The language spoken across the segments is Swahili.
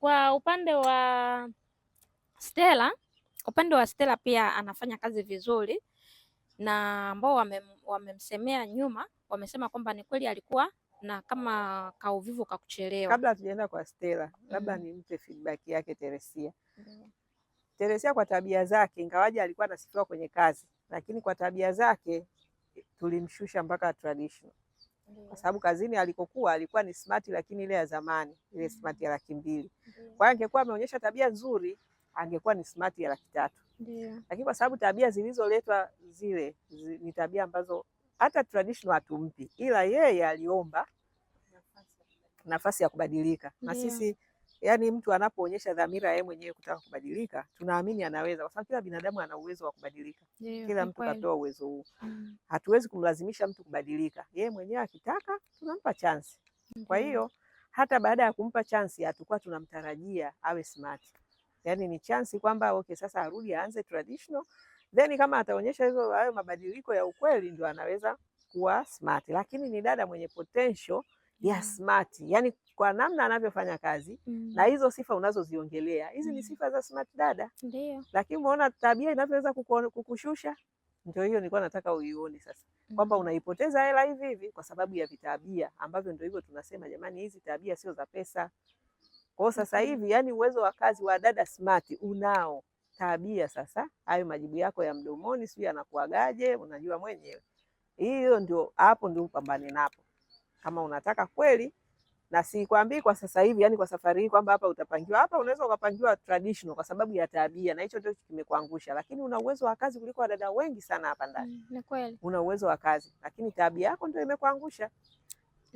Kwa upande wa Stella, upande wa Stella pia anafanya kazi vizuri, na ambao wamemsemea wamemsemea nyuma wamesema kwamba ni kweli alikuwa na kama kauvivu ka kuchelewa. Kabla tujaenda kwa Stella, labda mm -hmm. nimpe feedback yake Teresia. mm -hmm. Teresia kwa tabia zake, ingawaje alikuwa anasifiwa kwenye kazi, lakini kwa tabia zake tulimshusha mpaka traditional kwa sababu kazini alikokuwa alikuwa ni smart, lakini ile ya zamani ile mm-hmm. smart ya laki mbili. Kwa hiyo angekuwa ameonyesha tabia nzuri angekuwa ni smart ya laki tatu, lakini kwa sababu tabia zilizoletwa zile zi, ni tabia ambazo hata traditional hatumpi, ila yeye aliomba nafasi ya kubadilika na sisi yani mtu anapoonyesha dhamira yeye mwenyewe kutaka kubadilika, tunaamini anaweza, kwa sababu kila binadamu ana uwezo wa kubadilika. Yeah, kila mtu katoa uwezo huu mm. Hatuwezi kumlazimisha mtu kubadilika, yeye mwenyewe akitaka tunampa chance mm -hmm. Kwa hiyo hata baada ya kumpa chance hatakuwa tunamtarajia awe smart, yani ni chance kwamba okay, sasa arudi aanze traditional, then kama ataonyesha hizo hayo mabadiliko ya ukweli, ndio anaweza kuwa smart, lakini ni dada mwenye potential ya smart, yani kwa namna anavyofanya kazi mm. na hizo sifa unazoziongelea hizi mm. ni sifa za smart dada, ndio. Lakini umeona tabia inavyoweza kukushusha. Ndio hiyo nilikuwa nataka uione sasa mm. kwamba unaipoteza hela hivi hivi kwa sababu ya vitabia ambavyo ndio hivyo tunasema, jamani, hizi tabia sio za pesa. Kwa sasa mm-hmm. hivi, yani uwezo wa kazi wa dada smart unao tabia sasa, hayo majibu yako ya mdomoni sio yanakuagaje, unajua mwenyewe. Hiyo ndio hapo ndio upambane napo, kama unataka kweli na sikwambii kwa sasa hivi, yani kwa safari hii kwamba hapa utapangiwa. Hapa unaweza ukapangiwa traditional kwa sababu ya tabia, na hicho ndio kimekuangusha, lakini una uwezo wa kazi kuliko wadada wengi sana hapa ndani. Mm, Ni kweli una uwezo wa kazi, lakini tabia yako ndio imekuangusha.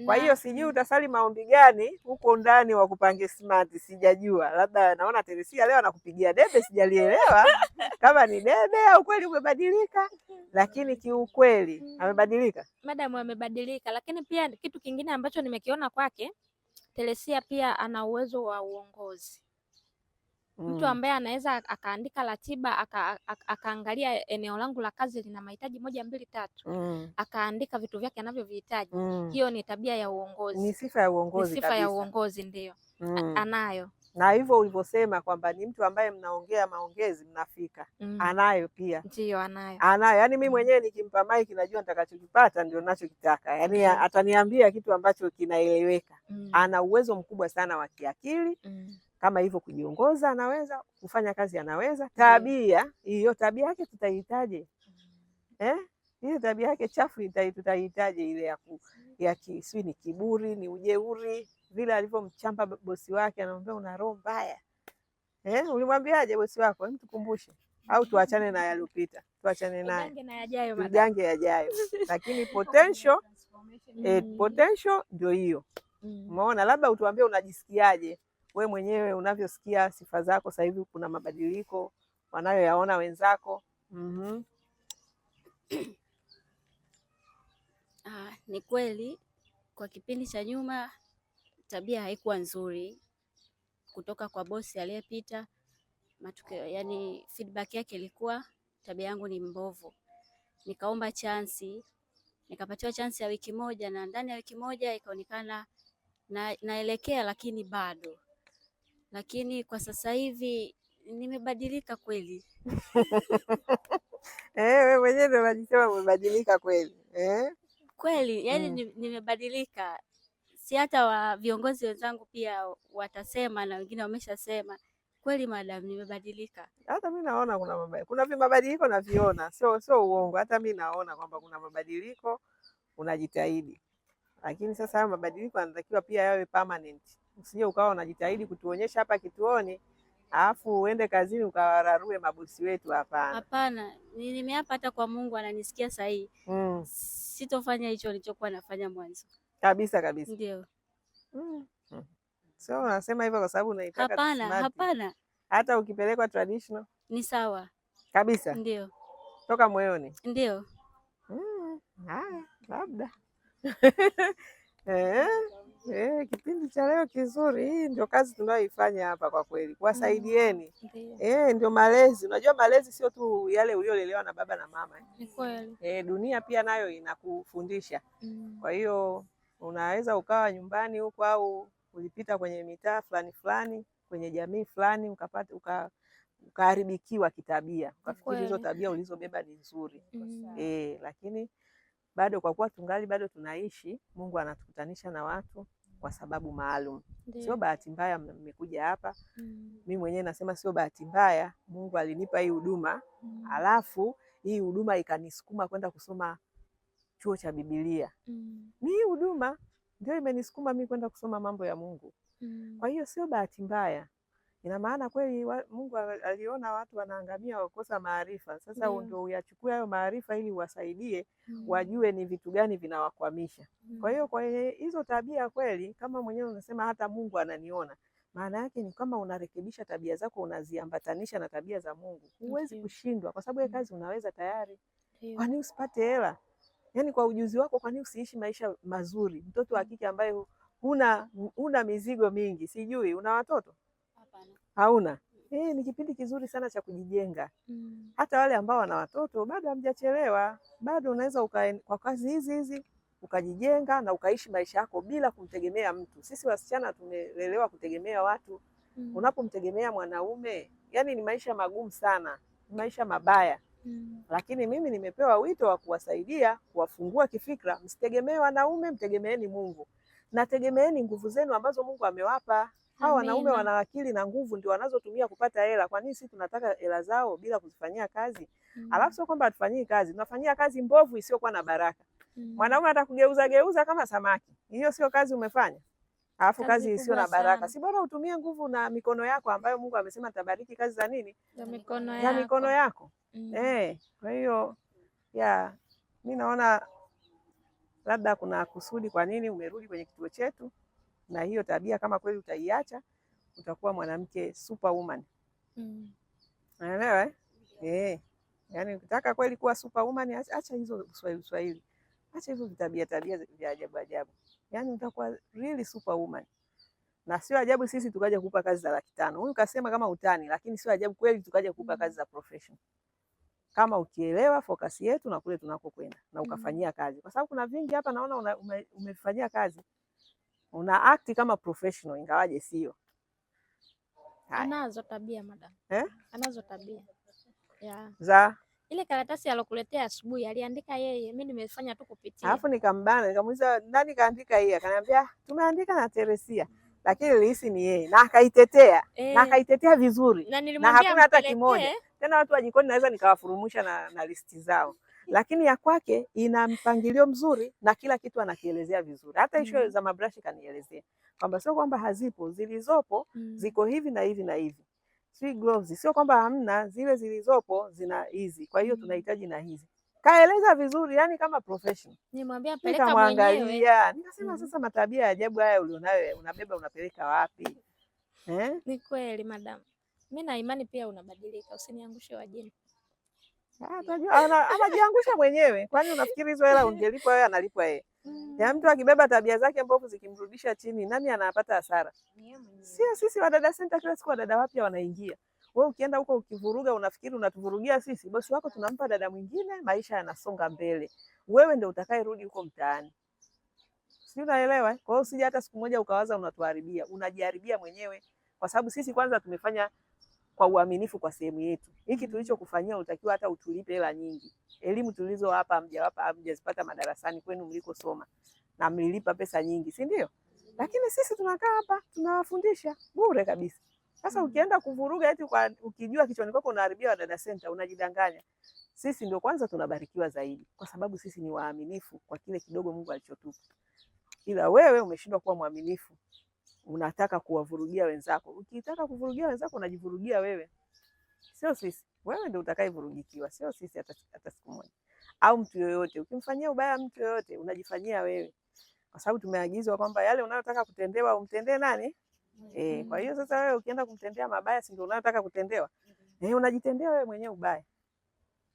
Kwa hiyo sijui mm. utasali maombi gani huko ndani wa kupange smart, sijajua. Labda naona Teresia leo anakupigia debe, sijalielewa kama ni debe au kweli umebadilika, lakini kiukweli mm. amebadilika, madam amebadilika. Lakini pia kitu kingine ambacho nimekiona kwake Telesia pia ana uwezo wa uongozi mm. Mtu ambaye anaweza akaandika ratiba aka, akaangalia eneo langu la kazi lina mahitaji moja mbili tatu mm. akaandika vitu vyake anavyovihitaji mm. Hiyo ni tabia ya uongozi, ni sifa ya uongozi, ni sifa ya uongozi ndiyo mm. anayo na hivyo ulivyosema kwamba ni mtu ambaye mnaongea maongezi mnafika. mm. Anayo pia ndio, anayo anayo. Yani mi mwenyewe nikimpa maiki najua nitakachokipata ndio nachokitaka, yani mm. ataniambia kitu ambacho kinaeleweka. mm. Ana uwezo mkubwa sana wa kiakili mm. Kama hivyo kujiongoza anaweza, kufanya kazi anaweza. Tabia hiyo tabia yake tutaihitaje? mm. eh? hiyo tabia yake chafu tutaihitaje? ile ya, ya sijui ni kiburi, ni ujeuri vile alivyomchamba bosi wake, anamwambia una roho mbaya eh. Ulimwambiaje bosi wako? Hem, tukumbushe au tuachane na yaliyopita, tuachane naye, tujange yajayo lakini potential eh, potential ndio hiyo mm. umeona. Mm. Labda utuambie unajisikiaje we mwenyewe unavyosikia sifa zako sasa hivi, kuna mabadiliko wanayoyaona wenzako? mm -hmm. Ah, ni kweli kwa kipindi cha nyuma tabia haikuwa nzuri kutoka kwa bosi aliyepita. Matokeo yani, feedback yake ilikuwa tabia yangu ni mbovu. Nikaomba chansi, nikapatiwa chansi ya wiki moja, na ndani ya wiki moja ikaonekana na, naelekea lakini bado lakini kwa sasa hivi nimebadilika kweli. Wewe eh, mwenyewe unajisema umebadilika kweli eh? Kweli yani, mm. nimebadilika si hata wa viongozi wenzangu pia watasema na wengine wameshasema kweli, madam, nimebadilika. Hata mi naona kuna mabadiliko, kuna mabadiliko naviona, sio sio uongo. Hata mi naona kwamba kuna mabadiliko, unajitahidi, lakini sasa hayo mabadiliko yanatakiwa pia yawe permanent. Usije ukawa unajitahidi kutuonyesha hapa kituoni alafu uende kazini ukawararue mabosi wetu. Hapana, hapana, nimeapa hata kwa Mungu ananisikia sahihi, mm. sitofanya hicho nilichokuwa nafanya mwanzo kabisa kabisa. Ndio. Mm. So unasema hivyo kwa sababu unaitaka. Hapana, hapana. Hata ukipelekwa traditional ni sawa kabisa. Ndio. Toka moyoni. Ndio. Mm. Haya, labda eh, eh, eh, kipindi cha leo kizuri. Hii ndio kazi tunayoifanya hapa kwa kweli, kuwasaidieni mm. Eh, ndio malezi. Unajua malezi sio tu yale uliolelewa na baba na mama eh. Ni kweli. Eh, dunia pia nayo inakufundisha mm. Kwa hiyo Unaweza ukawa nyumbani huko au ulipita kwenye mitaa fulani fulani kwenye jamii fulani ukapata uka ukaharibikiwa kitabia, ukafikiri hizo tabia ulizobeba ni nzuri mm. E, lakini bado kwa kuwa tungali bado tunaishi, Mungu anatukutanisha na watu kwa sababu maalum. Sio bahati mbaya mmekuja hapa mm. Mimi mwenyewe nasema sio bahati mbaya, Mungu alinipa hii huduma mm. Alafu hii huduma ikanisukuma kwenda kusoma chuo cha Biblia. Mm. Ni hii huduma ndio imenisukuma mimi kwenda kusoma mambo ya Mungu. Mm. Kwa hiyo sio bahati mbaya. Ina maana kweli wa, Mungu aliona watu wanaangamia wakosa maarifa. Sasa yeah, ndio uyachukue hayo maarifa ili uwasaidie mm, wajue ni vitu gani vinawakwamisha. Mm. Kwa hiyo kwenye hizo tabia kweli, kama mwenyewe unasema hata Mungu ananiona, maana yake ni kama unarekebisha tabia zako, unaziambatanisha na tabia za Mungu, huwezi okay, kushindwa kwa sababu mm. kazi unaweza tayari. Kwani usipate hela? yani kwa ujuzi wako, kwa nini usiishi maisha mazuri? Mtoto wa mm. kike ambaye huna huna mizigo mingi, sijui una watoto hapana, hauna mm. eh, ni kipindi kizuri sana cha kujijenga. Mm. Hata wale ambao wana watoto bado hamjachelewa, bado unaweza kwa kazi hizi hizi ukajijenga na ukaishi maisha yako bila kumtegemea mtu. Sisi wasichana tumelelewa kutegemea watu. Unapomtegemea mwanaume, yani ni maisha magumu sana, ni maisha mabaya mm. Lakini mimi nimepewa wito wa kuwasaidia kuwafungua kifikra. Msitegemee wanaume, mtegemeeni Mungu na tegemeeni nguvu zenu ambazo Mungu amewapa. Hawa wanaume wana akili na nguvu, ndio wanazotumia kupata hela. Kwa nini sisi tunataka hela zao bila kuzifanyia kazi? mm. Alafu sio kwamba hatufanyii kazi, tunafanyia kazi mbovu isiyokuwa na baraka. mm. Mwanaume atakugeuza geuza kama samaki, hiyo sio kazi umefanya. Alafu kazi, kazi isiyo na baraka, si bora utumie nguvu na mikono yako ambayo Mungu amesema tabariki kazi za nini? Ya mikono yako, ya mikono yako mm. Eh, kwa hiyo ya mi naona labda kuna kusudi kwa nini umerudi kwenye kituo chetu, na hiyo tabia kama kweli utaiacha, utakuwa mwanamke superwoman mm. Unaelewa eh? eh yani ukitaka kweli kuwa superwoman, acha hizo Swahili Swahili, acha hizo tabia tabia vya ajabu ajabu, yani utakuwa really superwoman na sio ajabu sisi tukaja kukupa kazi za laki tano. Huyu kasema kama utani, lakini sio ajabu kweli tukaja kukupa mm. kazi za profession kama ukielewa fokasi yetu na kule tunakokwenda na mm. ukafanyia kazi, kwa sababu kuna vingi hapa naona una, ume, umefanyia kazi una act kama professional ingawaje sio. Anazo tabia madam eh? Anazo tabia yeah. za ile karatasi alokuletea asubuhi aliandika yeye, mimi nimefanya tu kupitia, alafu nikambana nikamuuliza nani kaandika hii, akaniambia tumeandika na Teresia lakini nilihisi ni yeye na akaitetea eh, na akaitetea vizuri na, na hakuna hata kimoja tena watu wa jikoni naweza nikawafurumusha na, na listi zao, lakini ya kwake ina mpangilio mzuri na kila kitu anakielezea vizuri. Hata ishu mm. Mm-hmm. za mabrashi kanielezea kwamba sio kwamba hazipo, zilizopo mm. ziko hivi na hivi na hivi si gloves sio kwamba hamna, zile zilizopo zina hizi, kwa hiyo mm-hmm. tunahitaji na hizi. Kaeleza vizuri, yani kama professional. Nimwambia peleka mwenyewe, nikasema mm. Sasa matabia ya ajabu haya ulionayo unabeba unapeleka wapi eh? Ni kweli madam mi na imani pia unabadilika, usiniangushe wajini. Ah, anajiangusha mwenyewe. Kwani unafikiri hizo hela ungelipwa wewe, analipwa yeye? mm. Ya mtu akibeba tabia zake mbovu zikimrudisha chini, nani anapata hasara? Sio sisi wadada senta, kila siku wadada wapya wanaingia. Wewe ukienda huko ukivuruga, unafikiri unatuvurugia sisi? Bosi wako tunampa dada mwingine, maisha yanasonga mbele, wewe ndio utakayerudi huko mtaani. Si unaelewa? Eh? Kwa hiyo usije hata siku moja ukawaza unatuharibia, unajiharibia mwenyewe, kwa sababu sisi kwanza tumefanya kwa uaminifu kwa sehemu yetu. Hiki mm-hmm. tulichokufanyia utakiwa hata utulipe hela nyingi. Elimu hapa mjawapa mjazipata madarasani kwenu mlikosoma na mlilipa pesa nyingi, si ndio? Lakini sisi tunakaa hapa tunawafundisha bure kabisa. Sasa mm-hmm. ukienda kuvuruga eti kwa ukijua kichwani kwako unaharibia Wadada Center, unajidanganya. Sisi ndio kwanza tunabarikiwa zaidi kwa sababu sisi ni waaminifu kwa kile kidogo Mungu alichotupa. Ila wewe umeshindwa kuwa mwaminifu unataka kuwavurugia wenzako. Ukitaka kuvurugia wenzako unajivurugia wewe, sio sisi. Wewe ndio utakayevurugikiwa, sio sisi hata siku moja, au mtu yoyote. Ukimfanyia ubaya mtu yoyote unajifanyia wewe, kwa sababu tumeagizwa kwamba yale unayotaka kutendewa umtendee nani? mm -hmm. E, kwa hiyo sasa wewe ukienda kumtendea mabaya, si ndio unayotaka kutendewa? mm -hmm. E, unajitendea wewe mwenyewe ubaya.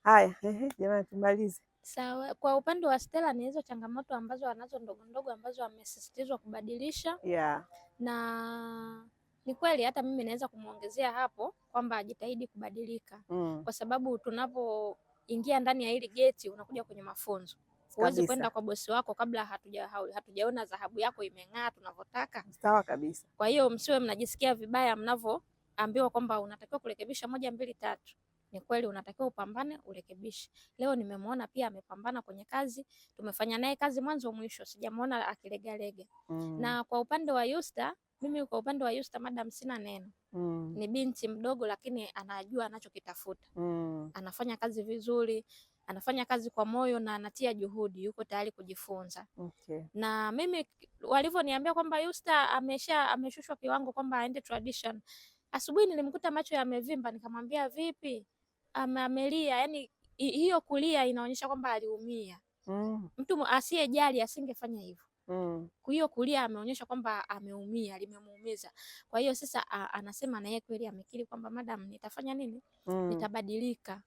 Haya, jamani tumalize. Sawa. Kwa upande wa Stella ni hizo changamoto ambazo wanazo ndogo ndogo ambazo wamesisitizwa kubadilisha. Yeah. Na ni kweli hata mimi naweza kumwongezea hapo kwamba ajitahidi kubadilika mm. Kwa sababu tunapoingia ndani ya hili geti unakuja kwenye mafunzo huwezi kwenda kwa bosi wako kabla hatuja, hatujaona dhahabu yako imeng'aa tunavyotaka. Sawa kabisa. Kwa hiyo msiwe mnajisikia vibaya mnavyoambiwa kwamba unatakiwa kurekebisha moja mbili tatu ni kweli unatakiwa upambane, urekebishe. Leo nimemwona pia amepambana kwenye kazi, tumefanya naye kazi mwanzo mwisho, sijamwona akilegalege mm. na kwa upande wa Yusta, mimi kwa upande wa Yusta madam sina neno mm. ni binti mdogo, lakini anajua anachokitafuta mm. anafanya kazi vizuri anafanya kazi kwa moyo na anatia juhudi, yuko tayari kujifunza. Okay. Na mimi walivyoniambia kwamba Yusta amesha ameshushwa kiwango kwamba aende tradition, asubuhi nilimkuta macho yamevimba, nikamwambia vipi? amelia, yani hiyo kulia inaonyesha kwamba aliumia. Mm. Mtu asiyejali asingefanya hivyo. Mm. Hiyo kulia ameonyesha kwamba ameumia, limemuumiza. Kwa hiyo sasa a, anasema na yeye kweli amekiri kwamba madam, nitafanya nini? Mm. Nitabadilika.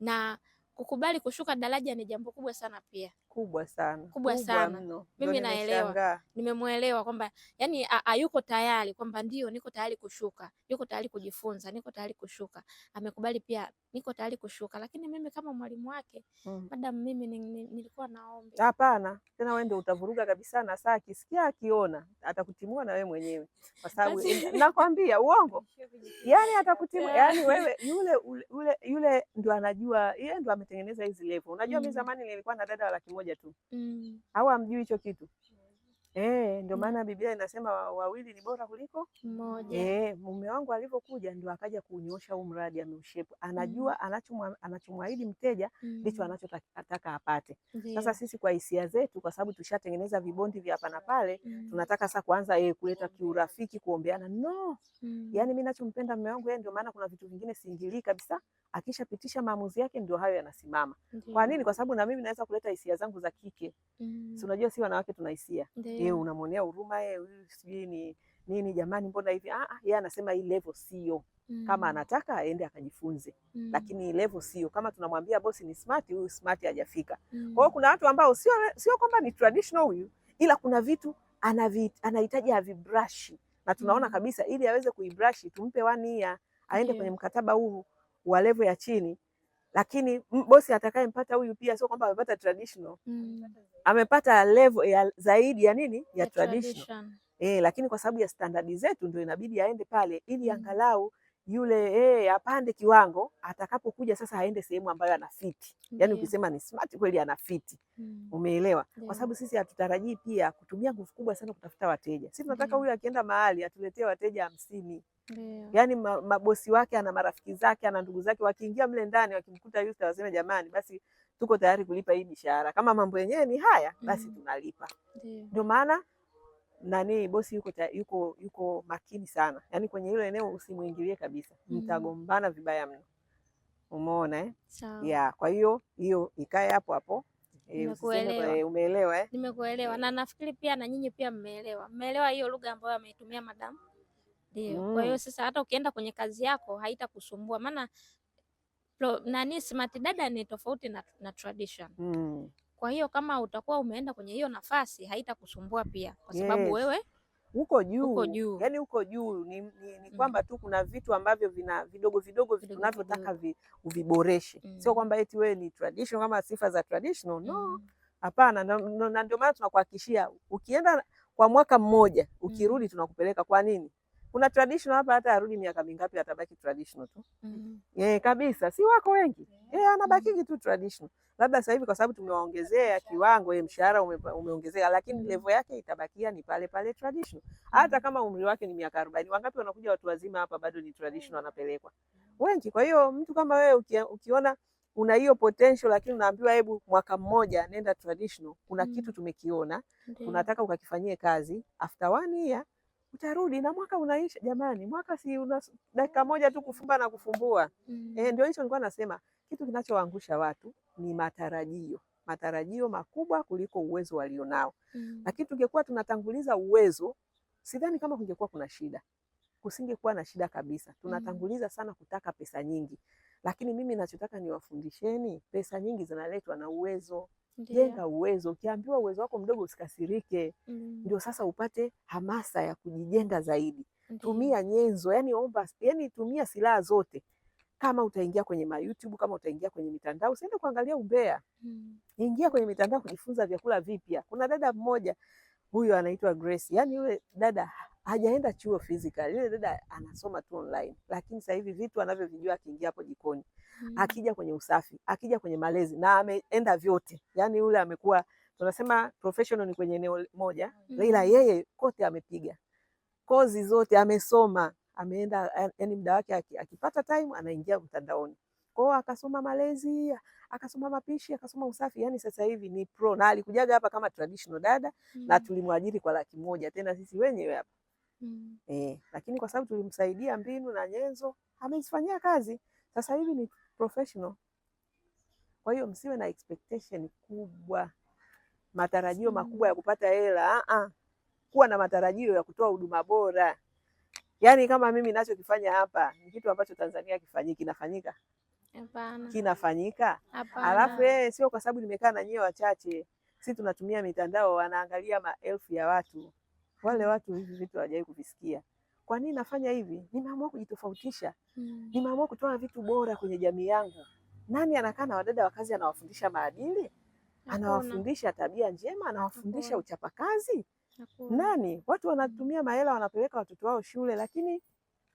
Na kukubali kushuka daraja ni jambo kubwa sana pia kubwa sana kubwa sana Mimi naelewa, nimemwelewa kwamba yani hayuko tayari kwamba ndio, niko tayari kushuka, yuko tayari kujifunza, niko tayari kushuka. Amekubali pia, niko tayari kushuka, lakini mimi kama mwalimu wake mm. madam, mimi nilikuwa naomba hapana tena, wewe ndio utavuruga kabisa, na saa akisikia akiona atakutimua na wewe mwenyewe, kwa sababu nakwambia uongo, yani atakutimua yani wewe yule yule yule ndio anajua, yeye ndio ametengeneza hizi level. Unajua mm. mimi zamani nilikuwa na dada wa laki moja tu mm. au hamjui hicho kitu Eh, ndio mm. maana mm. Biblia inasema wawili ni bora kuliko mmoja. Eh, mume wangu alivyokuja ndio akaja kunyosha huu mradi ameushepu. Anajua mm. anachomwahidi mteja ndicho mm. anachotaka apate. Zio. Sasa sisi kwa hisia zetu kwa sababu tushatengeneza vibondi vya hapa na pale mm. tunataka sasa kuanza eh, kuleta kiurafiki kuombeana. No. Mm. Yaani mimi ninachompenda mume wangu yeye ndio maana kuna vitu vingine siingilii kabisa. Akishapitisha maamuzi yake ndio hayo yanasimama. Kwa nini? Kwa sababu na mimi naweza kuleta hisia zangu za kike. Mm. Si unajua si wanawake tuna hisia yeye mm. unamwonea huruma yeye, sijui ni nini, jamani, mbona hivi? Ah, ah yeye anasema hii level sio Mm. Kama anataka aende akajifunze mm. Lakini level sio kama tunamwambia bosi ni smart, huyu smart hajafika. Mm. Kwa hiyo kuna watu ambao sio sio kwamba ni traditional huyu, ila kuna vitu anahitaji avibrush, na tunaona mm. kabisa, ili aweze kuibrush tumpe one year aende yeah. kwenye mkataba huu wa level ya chini lakini bosi atakayempata huyu pia sio kwamba amepata traditional mm. amepata level ya zaidi ya nini ya, ya traditional. Tradition. Eh, lakini kwa sababu ya standardi zetu ndio inabidi aende pale ili mm. angalau yule eh, apande kiwango, atakapokuja sasa aende sehemu ambayo anafiti. Yani ukisema ni smart kweli anafiti. Mm. Umeelewa? Yeah. Kwa sababu sisi hatutarajii pia kutumia nguvu kubwa sana kutafuta wateja. Sisi tunataka huyu akienda mahali atuletee wateja hamsini. Yeah. Yaani mabosi wake ana marafiki zake ana ndugu zake wakiingia mle ndani wakimkuta Yusta waseme jamani, basi tuko tayari kulipa hii mishahara. Kama mambo yenyewe ni haya, basi mm. tunalipa. Ndio maana nani bosi yuko, yuko, yuko makini sana, yaani kwenye hilo eneo usimuingilie kabisa, mm-hmm. mtagombana mm. vibaya mno, umeona eh? yeah, kwa hiyo hiyo ikae hapo hapo. E, e, umeelewa eh? Nimekuelewa na nafikiri pia na nyinyi pia mmeelewa, mmeelewa hiyo lugha ambayo ameitumia madamu, ndio mm. Kwa hiyo sasa hata ukienda kwenye kazi yako haitakusumbua maana nani smart dada ni tofauti na, na tradition mm. Kwa hiyo kama utakuwa umeenda kwenye hiyo nafasi haitakusumbua pia, kwa sababu yes. wewe huko juu, uko juu. Yani huko juu ni, ni, ni mm. kwamba mm. tu kuna vitu ambavyo vina vidogo vidogo tunavyotaka vi, uviboreshe mm. sio kwamba eti wewe ni traditional kama sifa za traditional no, mm. hapana mm. na ndio maana tunakuhakikishia ukienda kwa mwaka mmoja mm. ukirudi, tunakupeleka kwa nini kuna traditional hapa, hata arudi miaka mingapi atabaki traditional tu mm -hmm. Yeye kabisa, si wako wengi Yeah, anabaki mm-hmm. tu traditional, labda sasa hivi kwa sababu tumewaongezea kiwango, ye, mshahara umeongezeka ume, umeongezea, lakini mm-hmm. level yake itabakia ni pale pale traditional, mm-hmm. hata kama umri wake ni miaka 40. Wangapi wanakuja watu wazima hapa bado ni traditional wanapelekwa, wengi. Kwa hiyo mtu kama wewe uki, ukiona una hiyo potential lakini unaambiwa hebu mwaka mmoja nenda traditional, kuna mm -hmm. kitu tumekiona, tunataka ukakifanyie kazi after one year utarudi na mwaka unaisha. Jamani, mwaka si una dakika mm. moja tu kufumba na kufumbua. Eh, mm. E, ndio hicho nilikuwa nasema, kitu kinachoangusha watu ni matarajio, matarajio makubwa kuliko uwezo walionao. mm. Lakini tungekuwa tunatanguliza uwezo, sidhani kama kungekuwa kuna shida, kusingekuwa na shida kabisa. Mm. Tunatanguliza sana kutaka pesa nyingi, lakini mimi nachotaka niwafundisheni, pesa nyingi zinaletwa na uwezo jenga uwezo. Ukiambiwa uwezo wako mdogo usikasirike, mm. ndio Sasa upate hamasa ya kujijenga zaidi. Ndiyo. Tumia nyenzo, yani omba, yani tumia silaha zote. Kama utaingia kwenye ma YouTube, kama utaingia kwenye mitandao, usiende kuangalia umbea mm. Ingia kwenye mitandao kujifunza vyakula vipya. Kuna dada mmoja huyo anaitwa Grace, yani yule dada hajaenda chuo physical, yule dada anasoma tu online, lakini sasa hivi vitu anavyovijua akiingia hapo jikoni mm. akija kwenye usafi, akija kwenye malezi na ameenda vyote, yani yule amekuwa tunasema professional ni kwenye eneo moja mm. ila yeye kote amepiga kozi zote, amesoma, ameenda yani muda wake akipata time anaingia mtandaoni kwao, akasoma malezi, akasoma mapishi, akasoma usafi, yani sasa hivi ni pro, na alikujaga hapa kama traditional dada mm. na tulimwajiri kwa laki moja tena sisi wenyewe hapa mm. eh, lakini kwa sababu tulimsaidia mbinu na nyenzo amezifanyia kazi, sasa hivi ni professional. Kwa hiyo msiwe na expectation kubwa, matarajio makubwa ya kupata hela. Ah, ah, kuwa na matarajio ya kutoa huduma bora. Yaani kama mimi nachokifanya hapa ni kitu ambacho Tanzania kifanyiki, kinafanyika Hapana. kinafanyika Hapana. Alafu yeye eh, sio kwa sababu nimekaa na nyie wachache, Sisi tunatumia mitandao, wanaangalia maelfu ya watu. Wale watu hivi vitu hawajawahi kuvisikia kwa nini nafanya hivi? Nimeamua kujitofautisha mm. nimeamua kutoa vitu bora kwenye jamii yangu. Nani anakaa na wadada wa kazi anawafundisha maadili? Anawafundisha tabia njema? Anawafundisha uchapakazi? Nani? Watu hmm. wanatumia mahela wanapeleka watoto wao shule, lakini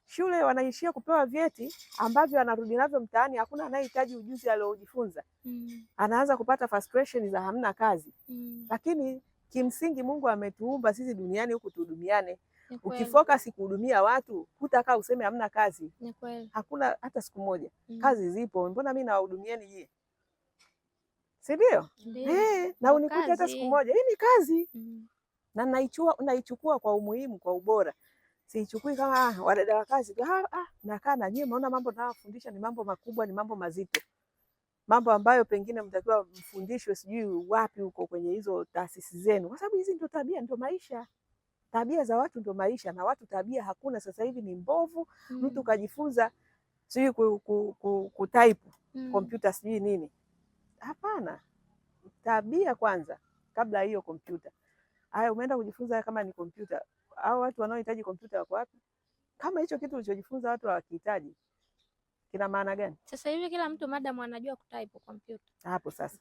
shule wanaishia kupewa vyeti ambavyo anarudi navyo mtaani, hakuna anayehitaji ujuzi aliojifunza. mm. Anaanza kupata frustration za hamna kazi. mm. Lakini kimsingi Mungu ametuumba sisi duniani huku tuhudumiane. Ukifocus kuhudumia watu hutakaa useme hamna kazi. Ni kweli. Hakuna hata siku moja. Mm. Kazi zipo. Mbona mi nawahudumieni je? Si ndio? Eh, na unikute hata siku moja. Hii ni kazi. Mm. Na naichua naichukua kwa umuhimu, kwa ubora. Siichukui kama ah, wadada wa kazi. Ah, ah, nakaa na nyie maona mambo nawafundisha ni mambo makubwa, ni mambo mazito. Mambo ambayo pengine mtakiwa mfundishwe sijui wapi huko kwenye hizo taasisi zenu. Kwa sababu hizi ndio tabia, ndio maisha tabia za watu ndio maisha, na watu tabia hakuna sasa hivi ni mbovu mm. Mtu kajifunza sijui ku, ku, ku, ku type mm. kompyuta sijui nini, hapana. Tabia kwanza kabla hiyo kompyuta. Haya, umeenda kujifunza kama ni kompyuta, au watu wanaohitaji kompyuta wako wapi? Kama hicho kitu ulichojifunza watu hawakihitaji kina maana gani? Sasa hivi kila mtu madam anajua kutype kompyuta hapo sasa